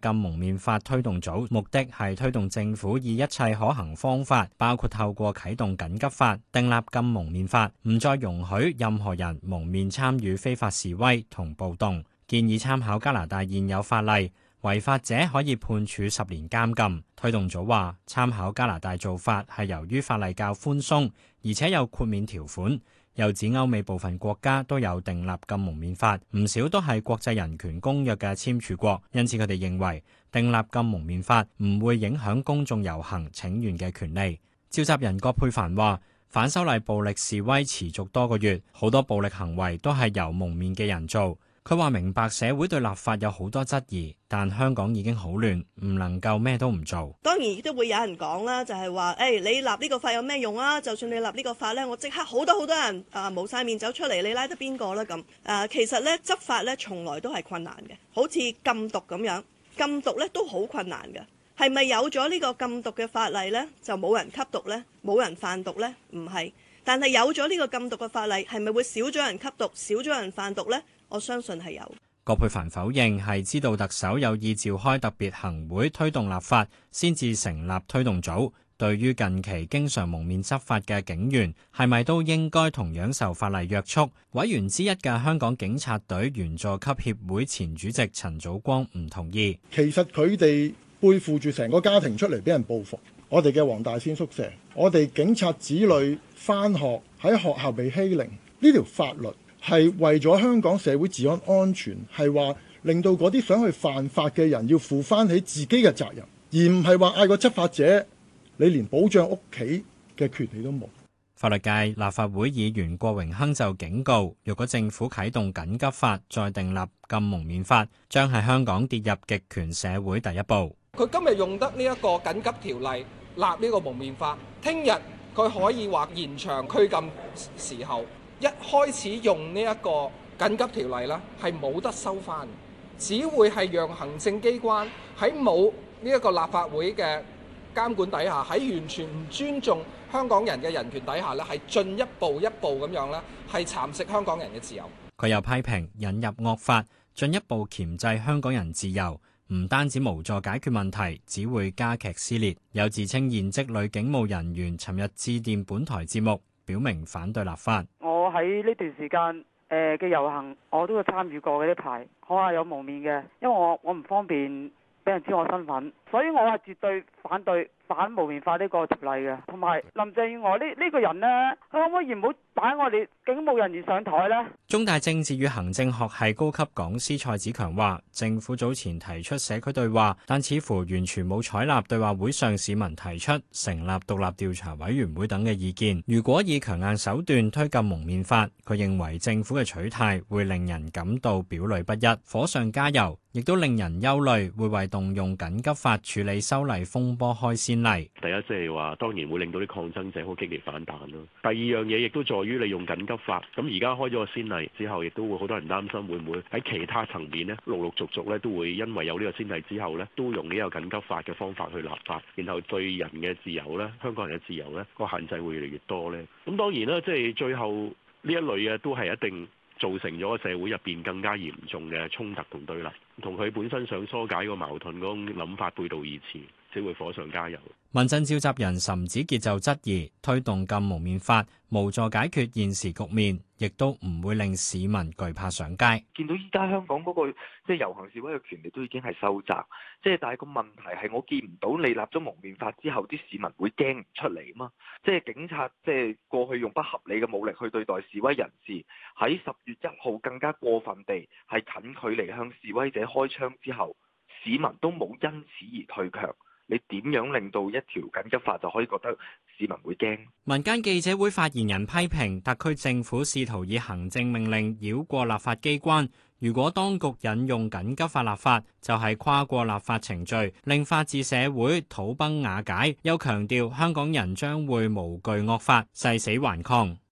禁蒙面法推動組目的係推動政府以一切可行方法，包括透過啟動緊急法訂立禁蒙面法，唔再容許任何人蒙面參與非法示威同暴動。建議參考加拿大現有法例，違法者可以判處十年監禁。推動組話，參考加拿大做法係由於法例較寬鬆，而且有豁免條款。又指歐美部分國家都有訂立禁蒙面法，唔少都係國際人權公約嘅簽署國，因此佢哋認為訂立禁蒙面法唔會影響公眾遊行請願嘅權利。召集人郭佩凡話：反修例暴力示威持續多個月，好多暴力行為都係由蒙面嘅人做。佢話：明白社會對立法有好多質疑，但香港已經好亂，唔能夠咩都唔做。當然都會有人講啦，就係話誒，你立呢個法有咩用啊？就算你立呢個法呢，我即刻好多好多人啊冇晒面走出嚟，你拉得邊個咧咁？誒、呃，其實呢，執法呢從來都係困難嘅，好似禁毒咁樣，禁毒呢都好困難嘅。係咪有咗呢個禁毒嘅法例呢，就冇人吸毒呢？冇人販毒呢？唔係，但係有咗呢個禁毒嘅法例，係咪會少咗人吸毒，少咗人販毒呢？我相信係有郭佩凡，否認係知道特首有意召開特別行會推動立法，先至成立推動組。對於近期經常蒙面執法嘅警員，係咪都應該同樣受法例約束？委員之一嘅香港警察隊員佐級協會前主席陳祖光唔同意。其實佢哋背負住成個家庭出嚟俾人報復，我哋嘅黃大仙宿舍，我哋警察子女返學喺學校被欺凌，呢條法律。係為咗香港社會治安安全，係話令到嗰啲想去犯法嘅人要負翻起自己嘅責任，而唔係話嗌個執法者，你連保障屋企嘅權利都冇。法律界立法會議員郭榮鏗就警告，若果政府啟動緊急法再訂立禁蒙面法，將係香港跌入極權社會第一步。佢今日用得呢一個緊急條例立呢個蒙面法，聽日佢可以話延長拘禁時候。一開始用呢一個緊急條例咧，係冇得收翻，只會係讓行政機關喺冇呢一個立法會嘅監管底下，喺完全唔尊重香港人嘅人權底下咧，係進一步一步咁樣咧，係蠶食香港人嘅自由。佢又批評引入惡法，進一步鉗制香港人自由，唔單止無助解決問題，只會加劇撕裂。有自稱現職女警務人員，尋日致電本台節目，表明反對立法。我。我喺呢段時間誒嘅、呃、遊行，我都會參與過嗰啲排，我係有蒙面嘅，因為我我唔方便俾人知我身份，所以我係絕對反對。反蒙面法呢個條例嘅，同埋林鄭月娥呢呢個人呢，佢可唔可以唔好擺我哋警務人員上台呢？中大政治與行政學系高級講師蔡子強話，政府早前提出社區對話，但似乎完全冇採納對話會上市民提出成立獨立調查委員會等嘅意見。如果以強硬手段推進蒙面法，佢認為政府嘅取態會令人感到表裏不一，火上加油。亦都令人憂慮，會為動用緊急法處理修例風波開先例。第一，即係話，當然會令到啲抗爭者好激烈反彈咯。第二樣嘢，亦都在於你用緊急法。咁而家開咗個先例之後，亦都會好多人擔心，會唔會喺其他層面咧，陸陸續續咧都會因為有呢個先例之後咧，都用呢個緊急法嘅方法去立法，然後對人嘅自由咧，香港人嘅自由咧，個限制會越嚟越多咧。咁當然啦，即係最後呢一類嘅都係一定。造成咗社會入邊更加嚴重嘅衝突同對立，同佢本身想疏解個矛盾嗰種諗法背道而馳。只會火上加油。民陣召集人岑子傑就質疑，推動禁蒙面法無助解決現時局面，亦都唔會令市民懼怕上街。見到依家香港嗰、那個即係、就是、遊行示威嘅權利都已經係收窄，即、就、係、是、但係個問題係我見唔到你立咗蒙面法之後，啲市民會驚唔出嚟嘛？即、就、係、是、警察即係、就是、過去用不合理嘅武力去對待示威人士，喺十月一號更加過分地係近距離向示威者開槍之後，市民都冇因此而退卻。你點樣令到一條緊急法就可以覺得市民會驚？民間記者會發言人批評特區政府試圖以行政命令繞過立法機關，如果當局引用緊急法立法，就係、是、跨過立法程序，令法治社會土崩瓦解。又強調香港人將會無懼惡法，誓死頑抗。